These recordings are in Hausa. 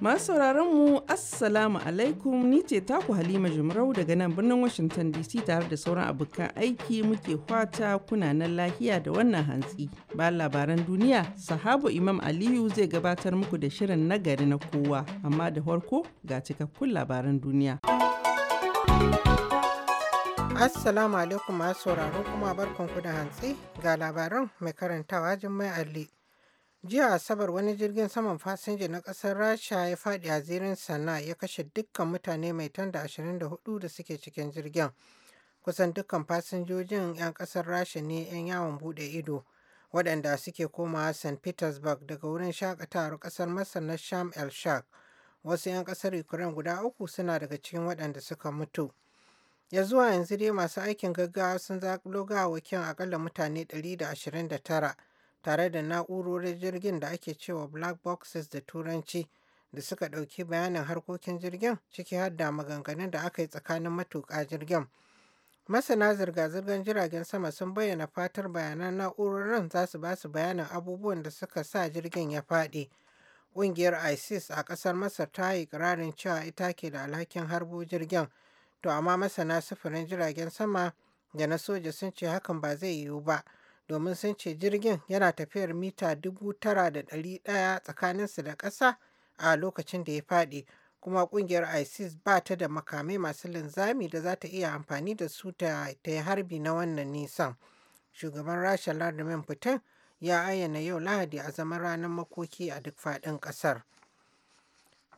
Masu mu Assalamu alaikum ni ce taku Halima Jumrau daga nan birnin Washington DC tare da sauran abokan aiki muke kwata kuna nan lahiya da wannan hantsi. Ba labaran duniya, sahabu Imam Aliyu zai gabatar muku da shirin nagari na kowa, amma da farko ga cikakkun labaran duniya. Assalamu alaikum masu sauraro kuma barkanku da hantsi ga labaran mai karantawa Jummai Ali. Jiya Asabar wani jirgin saman fasinja na ƙasar Rasha ya faɗi a zirin Sana'a ya kashe dukkan mutane mai tanda 24 da suke cikin jirgin. Kusan dukkan fasinjojin 'yan ƙasar Rasha ne 'yan yawon buɗe ido waɗanda suke komawa St. Petersburg daga wurin shakatawar kasar Masar na Sham El Shak. Wasu 'yan ƙasar Ukraine guda uku suna daga cikin waɗanda suka mutu. Ya zuwa yanzu dai masu aikin gaggawa sun zaƙulo gawakin akalla mutane 129 tare da na'urorin jirgin da ake cewa black boxes da turanci da suka ɗauki bayanin harkokin jirgin ciki har da maganganun da aka yi tsakanin matuƙa jirgin masana zirga-zirgar jiragen sama sun bayyana fatar bayanan na'urorin za su ba su bayanin abubuwan da suka sa jirgin ya faɗi ƙungiyar isis a ƙasar masar ta yi ƙirarin cewa ita ke da alhakin harbo jirgin to amma masana sufurin jiragen sama da na soja sun ce hakan ba zai yiwu ba domin sun ce jirgin yana tafiyar mita dubu tara da ɗari ɗaya tsakaninsu da ƙasa a lokacin da ya faɗi kuma ƙungiyar isis ba ta da makamai masu linzami da za ta iya amfani da su ta yi harbi na wannan nisan shugaban rasha vladimir putin ya ayyana yau lahadi a zaman ranar makoki a duk faɗin ƙasar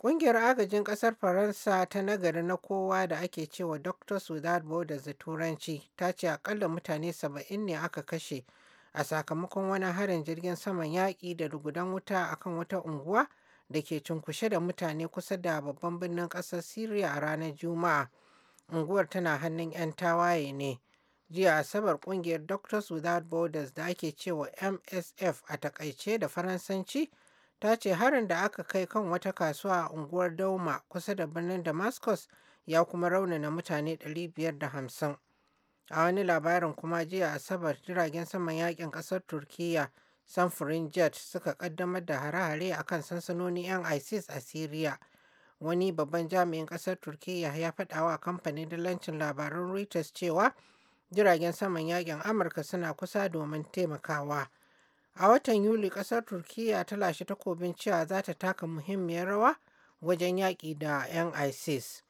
Ƙungiyar agajin ƙasar Faransa ta nagari na kowa da ake cewa Doctors Without Borders da Turanci ta ce akalla mutane saba'in ne aka kashe a sakamakon wani harin jirgin saman yaƙi da rugudan wuta akan wata unguwa da ke cunkushe da mutane kusa da babban birnin ƙasar Siriya a ranar Juma'a. Unguwar tana hannun 'yan tawaye ne. Jiya Asabar ƙungiyar Doctors Without Borders da ake cewa MSF a takaice da Faransanci ta ce harin da aka kai kan wata kasuwa a unguwar Dauma kusa da birnin Damascus ya kuma raunana mutane 550. A wani labarin kuma jiya Asabar jiragen saman yakin ƙasar Turkiyya samfurin jet suka kaddamar da hare-hare a kan sansanonin 'yan ISIS a Syria Wani babban jami'in ƙasar Turkiyya ya faɗa wa kamfanin dalancin labarun Reuters cewa jiragen saman yakin Amurka suna kusa domin taimakawa. A watan Yuli ƙasar Turkiyya ta lashe takobin cewa za ta taka muhimmiyar rawa wajen yaƙi da 'yan ISIS.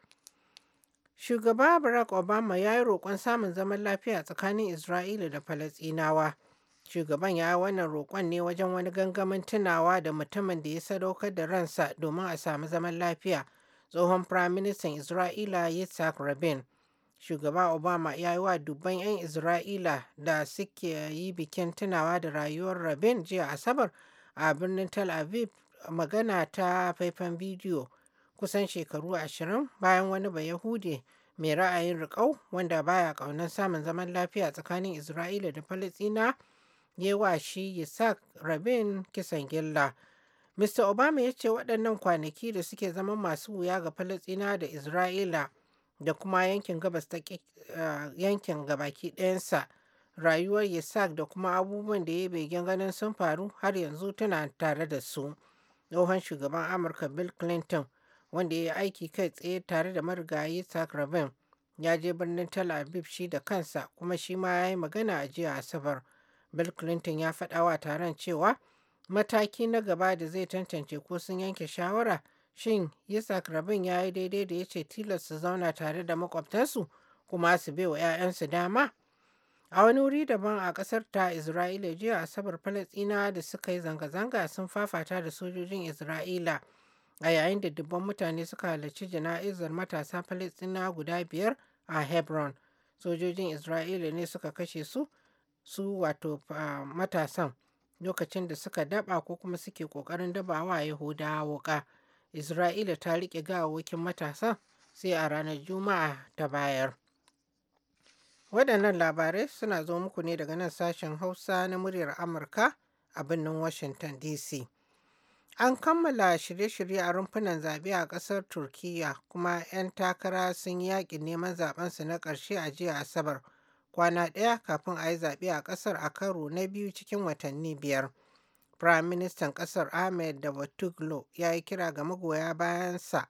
Shugaba Barack Obama ya yi roƙon samun zaman lafiya tsakanin Isra'ila da Falasinawa. Shugaban ya yi wannan roƙon ne wajen wani gangamin tunawa da mutumin da ya sadaukar da ransa domin a samu zaman lafiya, tsohon Firaministan Isra'ila Yitzhak Rabin. Shugaba Obama ya yi wa dubban 'yan Isra'ila da suke yi bikin tunawa da rayuwar Rabin jiya Asabar a birnin Tel Aviv magana ta faifan bidiyo kusan shekaru ashirin bayan wani Bayahude mai ra'ayin riƙau wanda baya ƙaunar samun zaman lafiya tsakanin Isra'ila da Falasina yawa shi Yitzhak Rabin kisan gilla. Mr. Obama ya ce waɗannan kwanaki da suke zama masu wuya ga Falasina da Isra'ila da kuma yankin gabas ta eh, yankin gabaki ɗayansa rayuwar Yitzhak da kuma abubuwan da ya begen ganin sun faru har yanzu tana tare da su. Tsohon shugaban Amurka Bill Clinton wanda ya yi aiki kai tsaye tare da marigayi Rabin ya je birnin Tel Aviv shi da kansa kuma shi ma ya yi magana a jiya Asabar. Bill Clinton ya faɗa wa taron cewa mataki na gaba da zai tantance ko sun yanke shawara shin Yitzhak Rabin ya yi daidai da ya ce tilas su zauna tare da makwabtansu kuma su bai wa 'ya'yansu dama. A wani wuri daban a ƙasar ta Isra'ila jiya Asabar Falasɗina da suka yi zanga-zanga sun fafata da sojojin Isra'ila. a yayin da dubban mutane suka halarci jana'izar matasa Falastina guda biyar a Hebron. Sojojin Isra'ila ne suka kashe su, su wato matasan lokacin da suka daba ko kuma suke ƙoƙarin dabawa Yahudawa wuƙa. Isra'ila ta riƙe gawawakin matasa sai a ranar Juma'a ta bayar. Waɗannan labarai suna zo muku ne daga nan sashen Hausa na muryar Amurka a birnin Washington DC. An kammala shirye-shirye a rumfunan zaɓe a ƙasar Turkiyya kuma 'yan takara sun yi neman zaɓensu na ƙarshe a jiya Asabar, kwana ɗaya kafin a yi zaɓe a ƙasar a karo na biyu cikin watanni biyar. Firayim Ministan ƙasar Ahmed Davutoglu ya yi kira ga magoya bayansa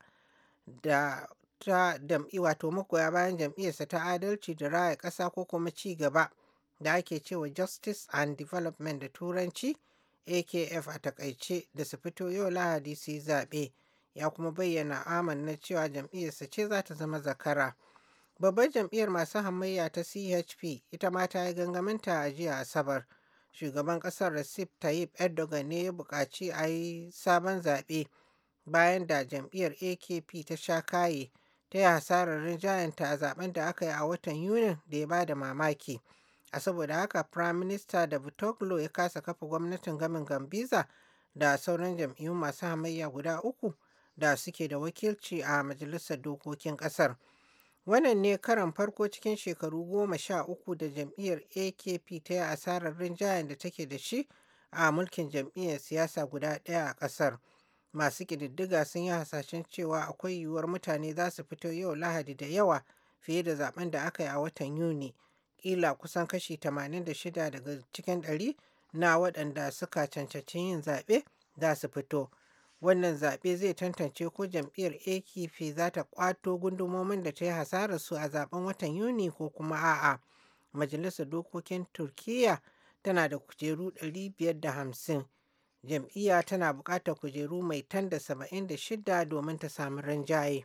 da ta dam'i wato magoya bayan jam'iyyarsa ta adalci da raya ƙasa ko kuma ci gaba da ake cewa Justice and Development da Turanci. akf a takaice da su fito yau lahadi su yi zaɓe ya kuma bayyana aman na cewa jam'iyyarsa ce za ta zama zakara babbar jam'iyyar masu hamayya ta chp ita ma ta yi gangaminta a jiya asabar shugaban ƙasar recep tayyip erdogan ne ya buƙaci a yi sabon zaɓe bayan da jam'iyyar akp ta sha kaye ta yi hasarar rinjayanta a zaben da aka yi a watan yunin da ya ba da mamaki a saboda haka prime minister da Butoglu ya kasa kafa gwamnatin gamin gambiza da sauran jam'iyyun masu hamayya guda uku da suke da wakilci a majalisar dokokin kasar wannan ne karan farko cikin shekaru goma sha uku da jam'iyyar akp ta yi asarar rinjayen da take da shi a mulkin jam'iyyar siyasa guda ɗaya a ƙasar masu ƙididdiga sun yi hasashen cewa akwai yiwuwar mutane za su fito yau lahadi da yawa fiye da zaben da aka yi a watan yuni kila kusan kashi 86 daga cikin ɗari na waɗanda suka cancanci yin zaɓe za su fito. Wannan zaɓe zai tantance ko jam'iyyar AKP za ta kwato gundumomin da ta yi hasarar su a zaben watan Yuni ko kuma a'a. Majalisar Dokokin Turkiyya tana da kujeru 550. Jam'iyya tana buƙatar kujeru mai tan da 76 domin ta samu rinjaye.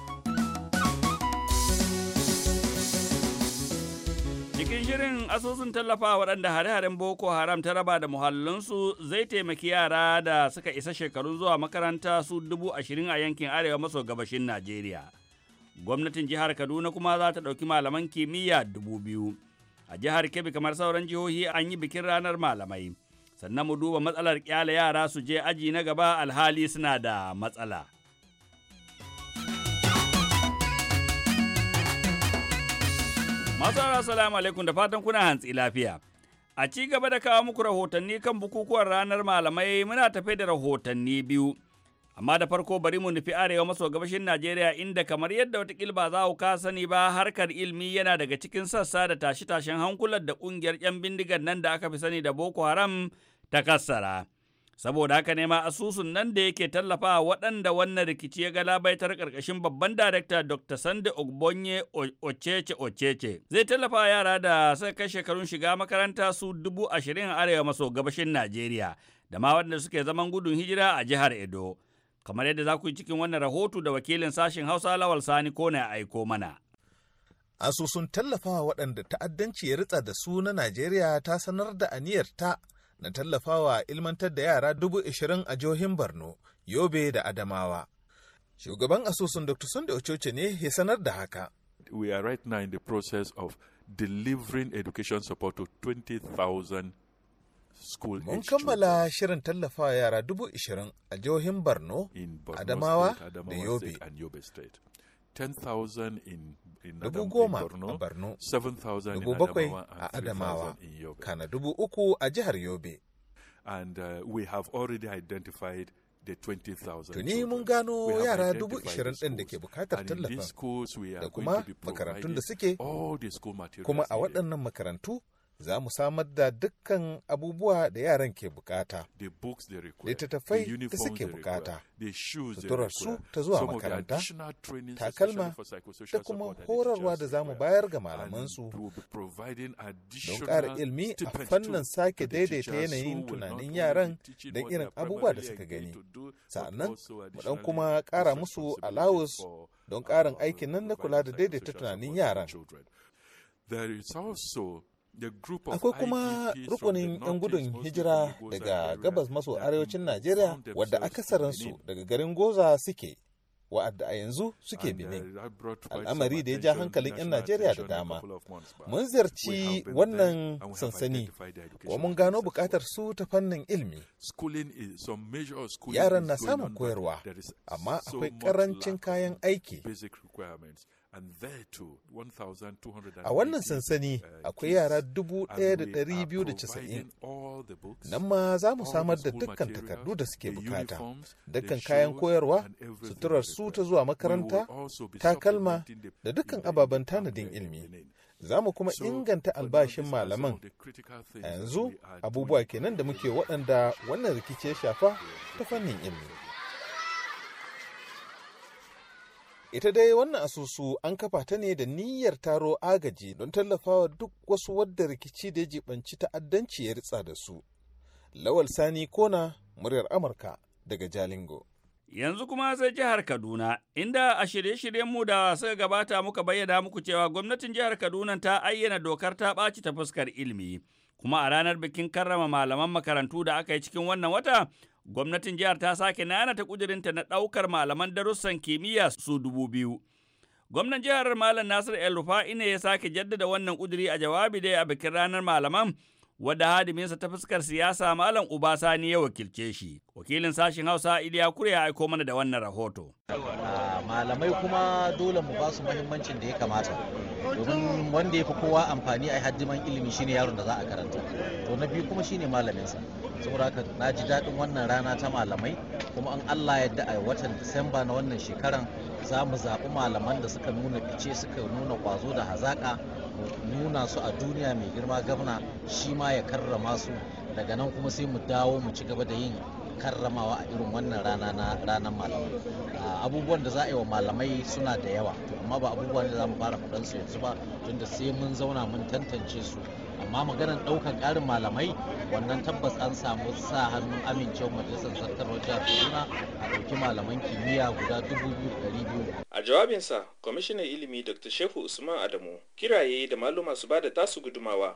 Cikin shirin asusun tallafa waɗanda hare-haren Boko Haram ta raba da muhallinsu zai taimaki yara da suka isa shekarun zuwa makaranta su dubu ashirin a yankin arewa maso gabashin Najeriya. Gwamnatin jihar Kaduna kuma za ta ɗauki malaman kimiyya dubu biyu. A jihar Kebbi kamar sauran jihohi an yi bikin ranar malamai. Sannan mu duba matsalar kyale yara su je aji na gaba alhali suna da matsala. Masu salamu alaikum da fatan kuna hantsi lafiya. A ci gaba da kawo muku rahotanni kan bukukuwan ranar malamai muna tafe da rahotanni biyu. Amma da farko bari mu nufi arewa maso gabashin Najeriya inda kamar yadda wata ba za ku ka sani ba harkar ilmi yana daga cikin sassa da tashe-tashen hankulan da ƙungiyar 'yan bindigar nan da aka fi sani da Boko Haram ta kassara. saboda haka ne ma asusun nan da yake tallafa waɗanda wannan rikici ya galabaitar ƙarƙashin babban darakta dr sande ogbonye ocece ocece zai tallafa yara da suka kai shekarun shiga makaranta su dubu ashirin a arewa maso gabashin najeriya da ma waɗanda suke zaman gudun hijira a jihar edo kamar yadda za ku yi cikin wannan rahoto da wakilin sashen hausa lawal sani kone ya aiko mana asusun tallafawa waɗanda ta'addanci ya ritsa da su na najeriya ta sanar da aniyarta na tallafawa ilmantar da yara dubu ashirin a jihohin Borno, Yobe da Adamawa. Shugaban asusun Dr. Sunday Ochoche ne ya sanar da haka. We are right now in the process of delivering education support to 20,000 school Mun kammala shirin tallafawa yara dubu ishirin a jihohin Borno, Adamawa da Yobe. 10,000 in, dubu goma a Borno, dubu bakwai a Adamawa, kana dubu uku a jihar Yobe. And uh, we have already identified the 20,000. Tuni mun gano yara dubu ishirin ɗin da ke bukatar tallafin da kuma makarantun da suke kuma a waɗannan makarantu za mu samar da dukkan abubuwa da yaran ke bukata. Littattafai da suke bukata, suturar su ta zuwa makaranta, takalma da kuma horarwa da za mu bayar ga malamansu don ƙara ilmi a fannin sake daidaita yanayin tunanin yaran don irin abubuwa da suka gani. Sa'annan, mu dan kuma ƙara musu alawus don ƙarin uh, aikin nan na kula da daidaita tunanin yaran. There is Akwai kuma rukunin 'yan gudun hijira daga gabas maso arewacin Najeriya wadda akasarinsu daga garin Goza suke, wa'adda a yanzu suke uh, Benin. Al'amari da ya ja hankalin 'yan Najeriya da dama. Mun ziyarci wannan sansani, kuma mun gano bukatar su ta fannin ilmi. Yaran na samun koyarwa, amma akwai karancin kayan aiki. A wannan sansani uh, akwai yara 1,290. Nan ma za mu samar da dukkan takardu da suke bukata, dukkan kayan koyarwa, suturar su ta zuwa makaranta, takalma da dukkan ababen tanadin ilimi. Za mu kuma inganta albashin malaman. A yanzu abubuwa kenan da muke waɗanda wannan rikici ya shafa ta fannin ilimi. Ita dai wannan asusu an kafa ta ne da niyyar taro agaji don tallafawa duk wasu wadda rikici da ya jibanci ta'addanci ya ritsa da su. Lawal Sani Kona, muryar Amurka daga Jalingo. Yanzu kuma sai jihar Kaduna, inda a shirye shiryen mu da suka gabata muka bayyana muku cewa gwamnatin jihar Kaduna ta ayyana dokar ta ɓaci ta fuskar ilimi. Kuma a ranar bikin karrama malaman makarantu da aka yi cikin wannan wata, Gwamnatin jihar ta sake nanata kudirinta na ɗaukar malaman darussan kimiyya su dubu biyu. Gwamnan jihar Malam Nasir El Rufa'i ne ya sake jaddada wannan kuduri a jawabi da a bikin ranar malaman wadda hadiminsa ta fuskar siyasa Malam Uba Sani ya wakilce shi. wakilin sashen hausa iliya kure ya aiko mana da wannan rahoto malamai kuma dole mu basu su muhimmancin da ya kamata domin wanda ya fi kowa amfani a hajjiman ilimi shine yaron da za a karanta to na biyu kuma shine malaminsa saboda haka na ji daɗin wannan rana ta malamai kuma an allah yadda a watan disamba na wannan shekaran za mu zaɓi malaman da suka nuna fice suka nuna ƙwazo da hazaƙa nuna su a duniya mai girma gabna shi ma ya karrama su daga nan kuma sai mu dawo mu ci gaba da yin karramawa a irin wannan rana na ranar malamai ah, abubuwan da za a yi wa malamai suna da yawa amma ba abubuwan da za mu fara faɗan su yanzu ba tunda sai mun zauna mun tantance su amma maganar ɗaukar ƙarin malamai wannan tabbas an samu sa hannun amincewar majalisar zartarwar jihar kaduna a ɗauki malaman kimiyya guda dubu biyu ɗari biyu. a jawabinsa kwamishinan ilimi dr shehu usman adamu kiraye da maluma su ba da tasu gudumawa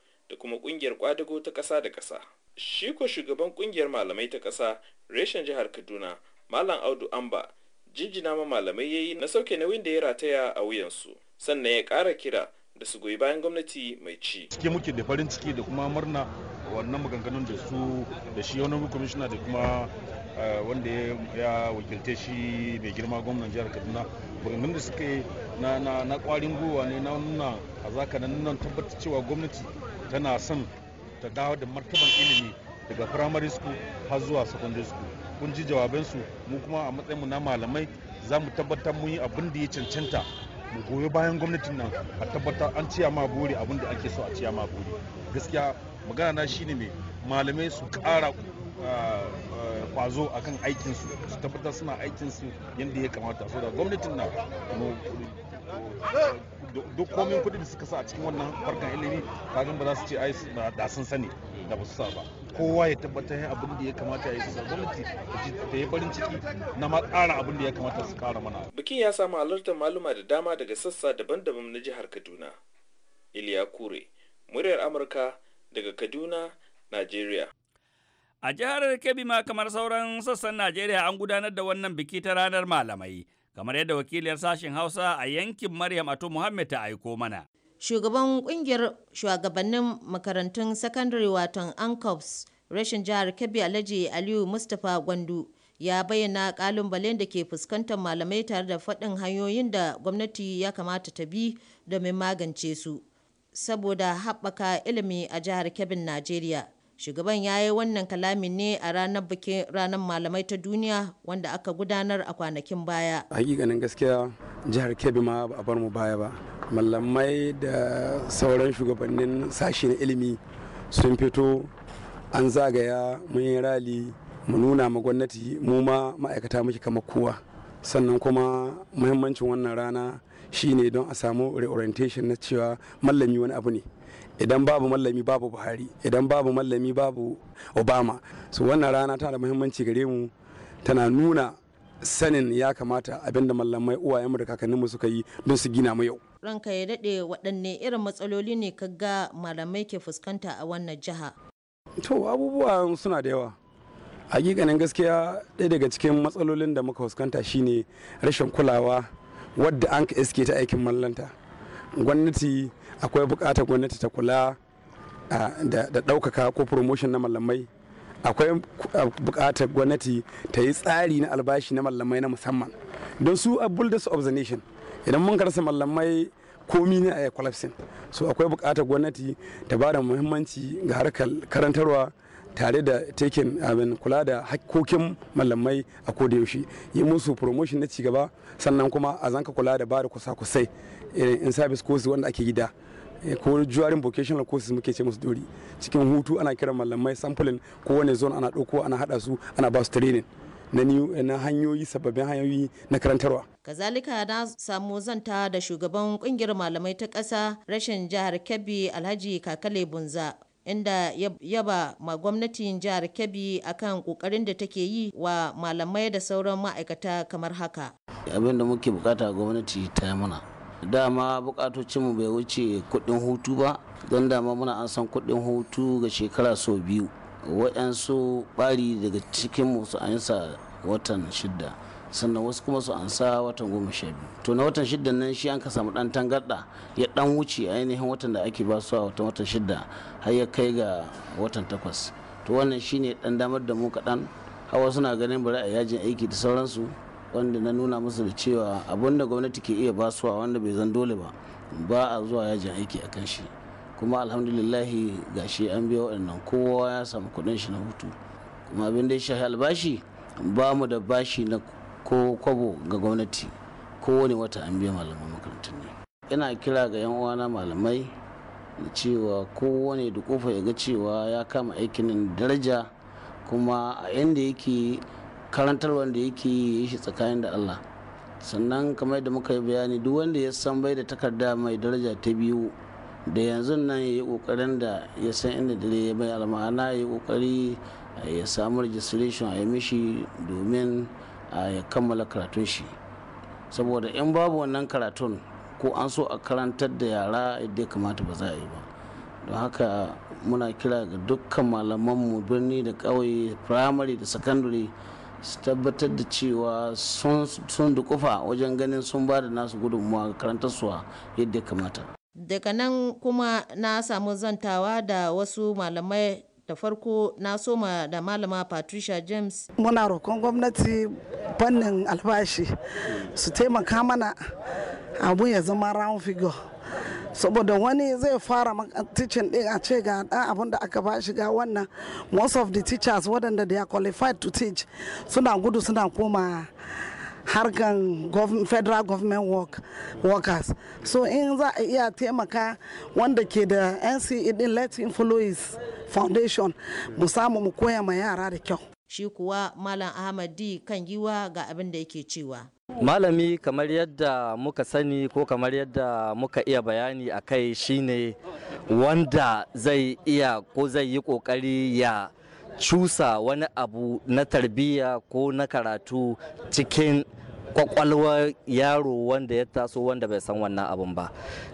da kuma kungiyar kwadago ta kasa da kasa shi ko shugaban ƙungiyar malamai ta ƙasa reshen jihar kaduna malam audu amba jinjina ma malamai ya yi na sauke nauyin da ya rataya a wuyansu sannan ya kara kira da su goyi bayan gwamnati mai ci. Cike muke da farin ciki da kuma murna wannan maganganun da su da shi wani kwamishina da kuma eh, wanda ya wakilta shi mai girma gwamnan jihar Kaduna maganganun da suka yi na kwarin gowa ne na nuna a zaka na nuna tabbatar cewa gwamnati tana son ta dawo da martaban ilimi daga primary school har zuwa secondary school kun ji jawabansu mu kuma a matsayinmu na malamai za mu tabbatar mun yi abin da ya cancanta mu goyo bayan gwamnatin nan a tabbatar an ciya ma buri abin da ake so a ciya ma buri gaskiya magana na shine mai malamai su kara kwazo ah, ah, a kan aikinsu su tabbatar suna aikinsu yadda ya kamata so da gwamnatin nan duk komin kuɗi da suka sa a cikin wannan farkan ilimi kagan ba za su ce ai da sun sani da ba su sa ba kowa ya tabbatar yin abin da ya kamata ya yi su gwamnati ta yi farin ciki na ma ƙara abin da ya kamata su kara mana. bikin ya samu halartar maluma da dama daga sassa daban-daban na jihar kaduna iliya kure muryar amurka daga kaduna najeriya. a jihar kebbi ma kamar sauran sassan najeriya an gudanar da wannan biki ta ranar malamai kamar yadda wakiliyar sashen Hausa a yankin Maryam Ato Muhammad ta aiko mana. Shugaban kungiyar shugabannin makarantun sakandare watan ankovs rashin jihar Kebbi Alhaji Aliyu Mustapha Gwandu ya bayyana kalubalen da ke fuskantar malamai tare da faɗin hanyoyin da gwamnati ya kamata ta bi domin magance su saboda haɓaka ilimi a jihar Kebbin Najeriya. Shugaban ya yi wannan kalamin ne a ranar bikin ranar malamai ta duniya wanda aka gudanar a kwanakin baya. Hakikanin gaskiya jihar Kebbi ma ba a bar mu baya ba. Malamai da sauran shugabannin sashi na ilimi sun fito an zagaya mun yi rali mu nuna ma gwamnati mu ma ma'aikata muke kamar kowa. Sannan kuma muhimmancin wannan rana shine don a samu reorientation na cewa mallami wani abu ne. idan babu mallami babu buhari idan babu mallami babu obama su wannan rana tana da muhimmanci gare mu tana nuna sanin ya kamata abinda mallamai uwayenmu da kakanninmu suka yi don su gina mu yau ranka ya daɗe waɗanne irin matsaloli ne ka ga malamai ke fuskanta a wannan jiha to abubuwa suna da yawa hakikanin gaskiya ɗaya daga cikin matsalolin da muka fuskanta shine rashin kulawa wadda an ka iske ta aikin mallanta gwamnati akwai bukatar gwamnati ta kula da ɗaukaka ko promotion na malamai akwai bukatar gwamnati ta yi tsari na albashi na malamai na musamman don su a bulldogs of the nation idan mun karsa malamai komi ne a collapsing so akwai bukatar gwamnati ta ba da muhimmanci ga harkar karantarwa tare da taken abin kula da hakkokin malamai a koda yaushe yi musu promotion na cigaba sannan kuma a zanka kula da bada kusa-kusai in service courses wanda ake gida eh, ko juarin vocational courses muke ce musu dori cikin hutu ana kiran malamai sampling kowane zone ana ɗauko ana haɗa su ana ba su training na na hanyoyi sababbin hanyoyi na karantarwa. Kazalika na samu zanta da shugaban kungiyar malamai ta ƙasa rashin jihar Kebbi Alhaji Kakale Bunza inda yaba ma gwamnatin jihar Kebbi kan kokarin da take yi wa malamai da sauran ma'aikata kamar haka. Abin da muke bukata gwamnati ta yi mana. Dama bukatocinmu bai wuce kuɗin hutu ba, don dama muna an san kuɗin hutu ga shekara sau biyu. Waɗansu bari daga cikin musu an watan shidda. sannan wasu kuma su ansa watan goma sha biyu to na watan shidda nan shi an ka samu dan tangarda ya dan wuce ainihin watan da ake ba su a watan watan shidda har ya kai ga watan takwas to wannan shine dan damar da mu kaɗan hawa suna ganin bari a yajin aiki da sauransu wanda na nuna musu da cewa abun da gwamnati ke iya basuwa wanda bai zan dole ba ba a zuwa yajin aiki a kan shi kuma alhamdulillahi shi an biya waɗannan kowa ya samu kuɗin shi na hutu kuma abin da ya shahi albashi ba mu da bashi na ko kwabo ga gwamnati ko wani wata an biya malaman makarantar ne ina kira ga yan uwana malamai da cewa kowane da kofa ya ga cewa ya kama aikin daraja kuma a inda yake karantar wanda yake yi shi tsakanin da Allah sannan kamar da muka yi bayani duk wanda ya san bai da takarda mai daraja ta biyu da yanzu nan ya yi kokarin da ya san inda dare ya bai alma'ana ya yi kokari ya samu registration a yi mishi domin A ya kammala karatun shi saboda in babu wannan karatun ko an so a karantar da yara yadda ya kamata ba za a yi ba don haka muna kira ga dukkan malamanmu birni da ƙauye firamare da sakandare su tabbatar da cewa sun dukufa wajen ganin sun ba da nasu gudunmuwa ga karantarsuwa yadda ya kamata daga nan kuma na samu zantawa da wasu malamai da farko na soma da malama patricia james muna roƙon gwamnati fannin albashi su taimaka mana abu ya zama round figure saboda wani zai fara teaching din a ce ga dan abin da aka ba shi ga wannan most of the teachers waɗanda they are qualified to teach suna gudu suna koma harkan federal government work, workers so in za a iya taimaka wanda ke da nce din let influence foundation mu samu mu koya ma yara da kyau shi kuwa malam ahmad di kan giwa ga abin da yake cewa malami kamar yadda muka sani ko kamar yadda muka iya bayani a kai shine wanda zai iya ko zai yi kokari ya cusa wani abu na tarbiyya ko na karatu cikin kwakwalwar yaro wanda ya taso wanda bai san wannan abin ba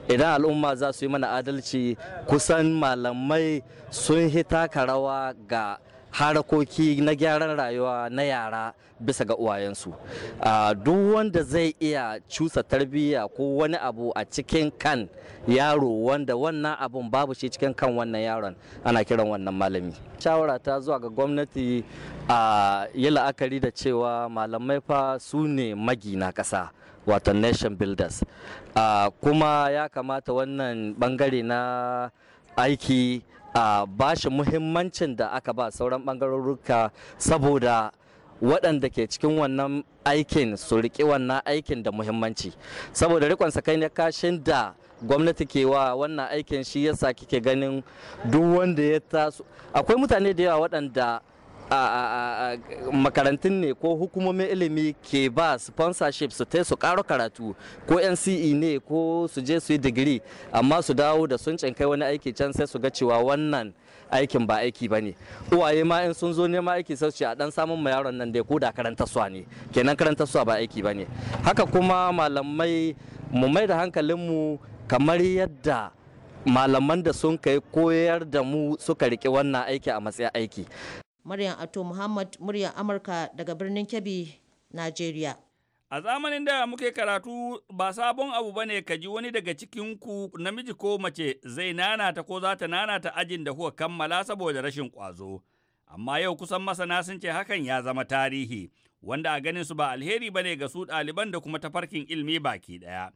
idan al'umma za su yi mana adalci kusan malamai sun hita rawa ga harakoki na gyaran rayuwa na yara bisa ga uwayensu duk wanda zai iya cusa tarbiyya ko wani abu a cikin kan yaro wanda wannan abun babu shi cikin kan wannan yaron ana kiran wannan malami shawara ta zuwa ga gwamnati a yi la'akari da cewa malamai fa su ne magina ƙasa wato nation builders kuma ya kamata wannan bangare na aiki a bashi muhimmancin da aka ba sauran bangarorruka saboda waɗanda ke cikin wannan aikin su riƙe wannan aikin da muhimmanci saboda rikon ne kashin da gwamnati ke wa wannan aikin shi yasa kike ganin duk wanda ya taso akwai mutane da yawa waɗanda a makarantun ne ko hukumomin ilimi ke ba sponsorship su ta su karo karatu ko nce ne ko su je su yi digiri amma su dawo da sun cinkai wani aiki can sai su ga cewa wannan aikin ba aiki ba ne uwaye ma in sun zo nema aiki sau ce a dan samun ma yaron nan ya ko da karantarsa ne kenan karantarsuwa ba aiki ba ne haka kuma malamai mu mai da hankalinmu kamar yadda malaman da sun kai koyar da mu suka rike wannan aiki a matsayin aiki. Maryam Ato Muhammad muryar Amurka daga birnin Kebbi, Najeriya. A zamanin da muke karatu ba sabon abu bane ne ka ji wani daga cikin ku namiji ko mace zai nanata ko za ta nanata ajin da kuka kammala saboda rashin ƙwazo. Amma yau kusan masana sun ce hakan ya zama tarihi, wanda a ganin su ba alheri ba ne ga su ɗaliban da kuma tafarkin ilmi baki ɗaya.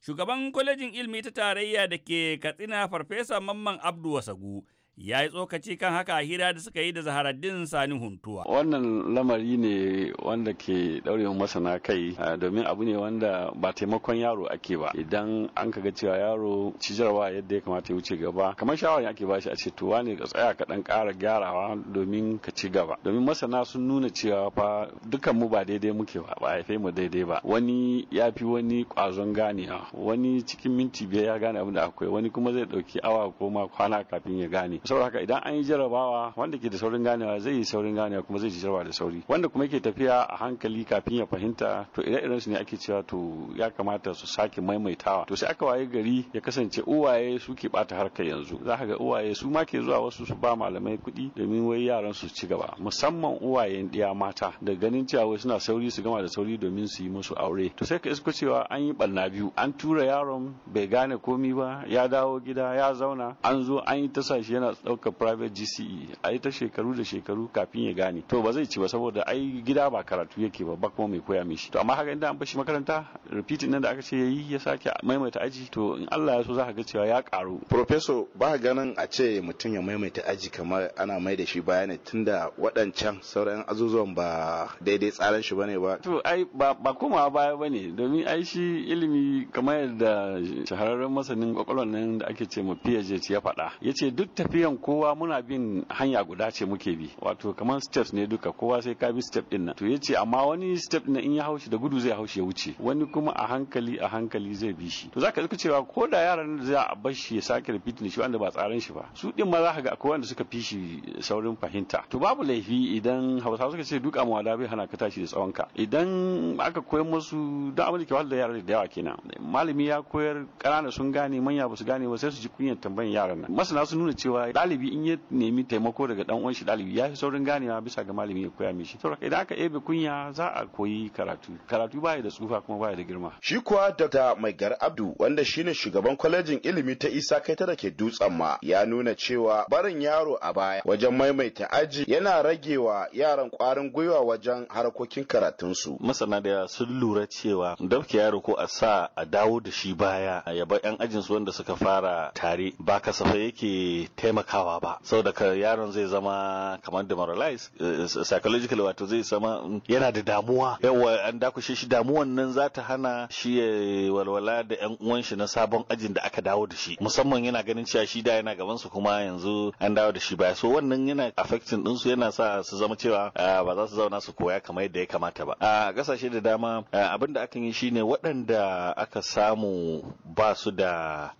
Shugaban kwalejin ilmi ta tarayya da ke Katsina Farfesa Mamman Abdu Wasagu ya yi tsokaci kan haka a hira da suka yi da zaharaddin sani huntuwa. Wannan lamari ne wanda ke daurewa masana kai domin abu ne wanda ba taimakon yaro ake ba idan an ka ga cewa yaro cijarwa yadda ya kamata ya wuce gaba kamar shawarar ake ba shi a ce tuwa ne ka tsaya ka dan ƙara gyarawa domin ka ci gaba domin masana sun nuna cewa fa dukan mu ba daidai muke ba ba haife mu daidai ba wani ya fi wani ƙwazon ganewa wani cikin minti biyar ya gane abin da akwai wani kuma zai ɗauki awa ko ma kwana kafin ya gane saboda haka idan an yi jarabawa wanda ke da saurin ganewa zai yi saurin ganewa kuma zai ji jarabawa da sauri wanda kuma yake tafiya a hankali kafin ya fahimta to ire iren su ne ake cewa to ya kamata su sake maimaitawa to sai aka waye gari ya kasance uwaye su ke bata harkar yanzu za ka ga uwaye su ma ke zuwa wasu su ba malamai kuɗi domin wai yaran su ci gaba musamman uwayen ɗiya mata da ganin cewa wai suna sauri su gama da sauri domin su yi musu aure to sai ka isko cewa an yi ɓanna biyu an tura yaron bai gane komi ba ya dawo gida ya zauna an zo an yi tasashi yana ɗaukar private GCE a yi shekaru da shekaru kafin ya gane to ba zai ci ba saboda ai gida ba karatu yake ba ba kuma mai koya mishi to amma haka inda an bashi makaranta repeating nan da aka ce ya yi ya sake maimaita aji to in Allah ya so za ka ga cewa ya karu professor ba ganin a ce mutum ya maimaita aji kamar ana mai da shi bayani tunda waɗancan sauran azuzuwan ba daidai tsarin shi bane ba to ai ba koma baya bane domin ai shi ilimi kamar yadda shahararren masanin kwakwalwan nan da ake ce ma PhD ya faɗa yace duk tafiya tafiyan kowa muna bin hanya guda ce muke bi wato kamar steps ne duka kowa sai ka bi step din nan to yace amma wani step na in ya haushi da gudu zai haushi ya wuce wani kuma a hankali a hankali zai bi shi to zaka zuku cewa ko da yaran da za a bar shi ya sake repeat ne shi wanda ba tsaran shi ba su din ma zaka ga akwai wanda suka fi shi saurin fahimta to babu laifi idan hausa suka ce duka mawada bai hana ka tashi da tsawon ka idan aka koyar musu da abin da ke da yaran da yawa kenan malami ya koyar ƙanana sun gane manya ba su gane ba sai su ji kunyar tambayan yaran nan masana sun nuna cewa dalibi in ya nemi taimako daga dan uwan shi dalibi. ya fi saurin ganewa bisa ga malami ya koya mishi to idan aka ebe kunya za a koyi karatu karatu baya da tsufa kuma baya da girma shi kuwa dr maigar abdu wanda shine shugaban kwalejin ilimi ta isa kai ta da ke dutsen ma ya nuna cewa barin yaro a baya wajen maimaita aji yana ragewa yaran kwarin gwiwa wajen harkokin karatunsu masana da sun lura cewa dauke yaro ko a sa a dawo da shi baya a yaba yan ajinsu wanda suka fara tare ba kasafai yake taimaka taimakawa ba saboda ka yaron zai zama kamar demoralized eh, eh, psychological wato zai zama mm, yana da damuwa yawa an dakushe shi damuwan nan za ta hana shi ya walwala da yan uwan shi na sabon ajin da aka dawo da shi musamman yana ganin cewa shi da yana gaban su kuma yanzu an dawo da shi baya so wannan yana affecting din su yana sa su zama cewa ah, ba za su zauna su koya kamar yadda ya kamata ba ah, a kasashe da dama ah, abin da akan yi shine waɗanda aka samu ba su da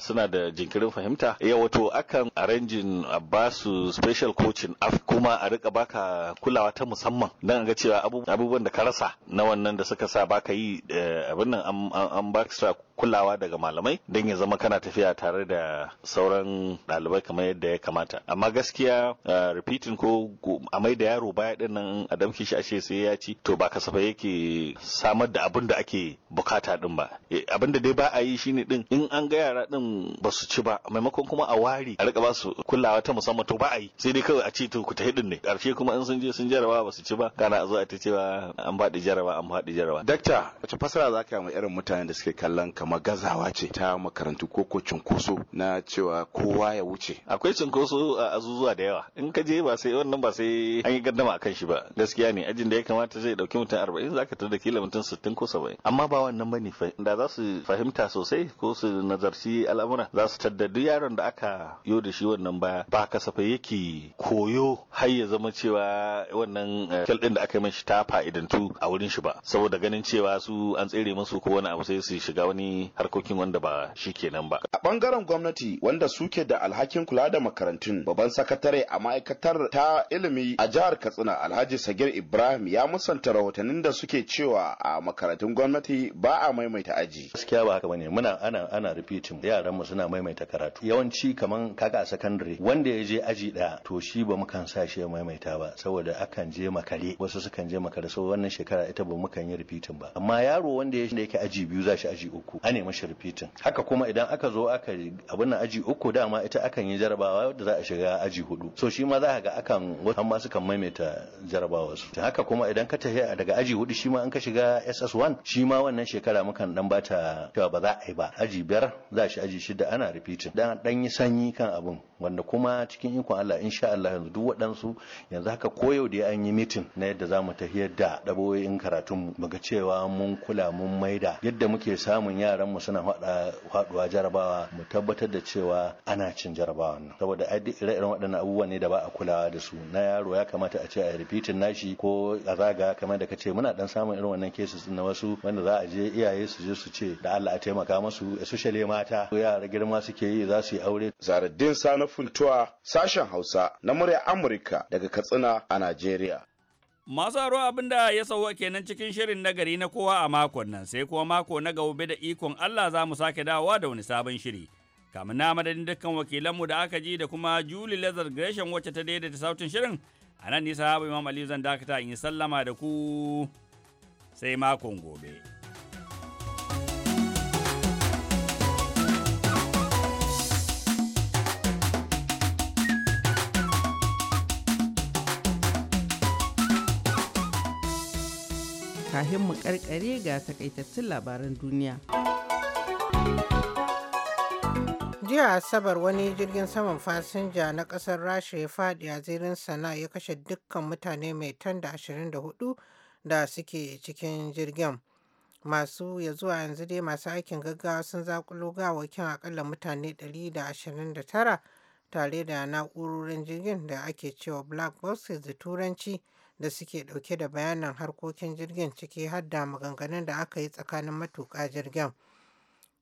suna da jinkirin fahimta yawa to akan arrangin a basu special coaching af kuma a rika baka kulawa ta musamman dan ga cewa abubuwan da ka rasa na wannan da suka sa baka yi eh, abin nan an baka kulawa daga malamai don ya zama kana tafiya tare da sauran ɗalibai kamar yadda ya kamata amma gaskiya eh, repeating ko a mai da yaro baya din nan a damke shi a sai ya ci to ba kasafai yake samar da abin da ake bukata din ba eh, abin da dai ba a yi shine din in an ga yara din ba su ci ba maimakon kuma a wari a rika ba su ta musamman to ba a yi sai dai kawai a ce to ku ta din ne karshe kuma in sun je sun jaraba ba su ci ba kana a zo a ta ba an baɗi jaraba an baɗi jaraba dakta wace fasara za ka yi ma irin mutanen da suke kallon kama gazawa ce ta makarantu ko ko cunkoso na cewa kowa ya wuce akwai cunkoso a azuzuwa da yawa in ka je ba sai wannan ba sai an yi gaddama akan shi ba gaskiya ne ajin da ya kamata zai dauki mutum arba'in zaka tada kila mutum sittin ko saba'in amma ba wannan ne da za su fahimta sosai ko su nazarci al'amura za su tadda duk yaron da aka yo da shi shi wannan ba ba kasafa yake koyo har ya zama cewa wannan eh, kyal din da aka yi mashi ta fa'idantu a wurin shi ba saboda ganin cewa su an tsere musu ko wani abu sai su shiga wani harkokin wanda ba shi kenan ba a bangaren gwamnati wanda suke da alhakin kula da makarantun babban sakatare a ma'aikatar ta ilimi a jihar katsina alhaji sagir ibrahim ya musanta rahotannin da suke cewa a makarantun gwamnati ba a maimaita aji gaskiya ba haka bane muna ana ana repeating yaran mu suna maimaita karatu yawanci kaman kaga sakandare wanda ya je aji ɗaya to shi ba kan sa shi ya maimaita ba saboda akan je makare wasu sukan je makare so wannan shekara ita ba kan yi repeating ba amma yaro wanda ya yake aji biyu za shi aji uku a ne shi repeating haka kuma idan aka zo aka abin nan aji uku dama ita akan yi jarabawa da za a shiga aji hudu so shi ma za ka ga akan wasu ma sukan maimaita jarabawa su haka kuma idan ka tafi daga aji hudu shi ma an ka shiga SS1 shi ma wannan shekara mukan dan bata cewa ba za a yi ba aji biyar za aji shida ana repeating dan dan yi sanyi kan abun wanda kuma cikin ikon Allah insha Allah yanzu duk waɗansu yanzu haka koyau da an yi mitin na yadda za mu tafiyar da ɗaboyin karatun mu ga cewa mun kula mun maida yadda muke samun yaran mu suna faɗuwa jarabawa mu tabbatar da cewa ana cin jarabawa nan saboda ai duk iren waɗannan abubuwa ne da ba a kulawa da su na yaro ya kamata a ce a repeatin nashi ko a zaga kamar da kace muna dan samun irin wannan cases na wasu wanda za a je iyaye su je su ce da Allah a taimaka musu especially mata yara girma suke yi za su yi aure zaruddin sa Musa na Funtuwa sashen Hausa na murya Amurka daga Katsina a Najeriya. Masu haro abin da ya sauwa kenan cikin shirin nagari na kowa a makon nan sai kuma mako na gobe da ikon Allah za mu sake dawowa da wani sabon shiri. kamun na madadin dukkan wakilanmu da aka ji da kuma Julie Lazar Gresham wacce ta daidaita sautin shirin a nan nisa Imam Aliyu zan dakata in sallama da ku sai makon gobe. kahin mu karkare ga takaitattun labaran duniya. jiya asabar wani jirgin saman fasinja na kasar rasha ya faɗi a zirin sana ya kashe dukkan mutane mai tan da 24 da suke cikin jirgin masu ya zuwa yanzu dai masu aikin gaggawa sun zakulo gawakin akalla mutane 129 tare da na'urorin jirgin da ake cewa black boxes da turanci da suke ɗauke da bayanan harkokin jirgin ciki har da maganganun da aka yi tsakanin matuka jirgin.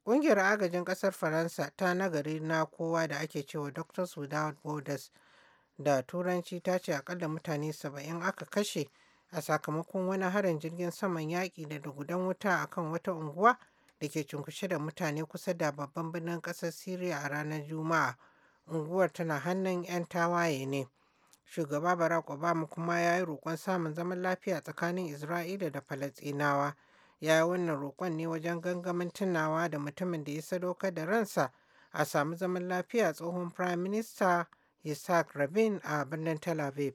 Ƙungiyar agajin ƙasar Faransa ta nagari na kowa da ake cewa Doctors Without Borders da Turanci ta ce akalla mutane saba'in aka kashe a sakamakon wani harin jirgin saman yaƙi da dugudan wuta akan wata unguwa da ke cunkushe da mutane kusa da babban birnin ƙasar Siriya a ranar Juma'a. Unguwar tana hannun 'yan tawaye ne. Shugaba Barack Obama kuma ya yi roƙon samun zaman lafiya tsakanin Isra'ila da Falasɗinawa. Ya yi wannan roƙon ne wajen gangamin tunawa da mutumin da ya sadaukar da ransa a samu zaman lafiya tsohon prime Minista isaac Rabin a birnin Tel Aviv.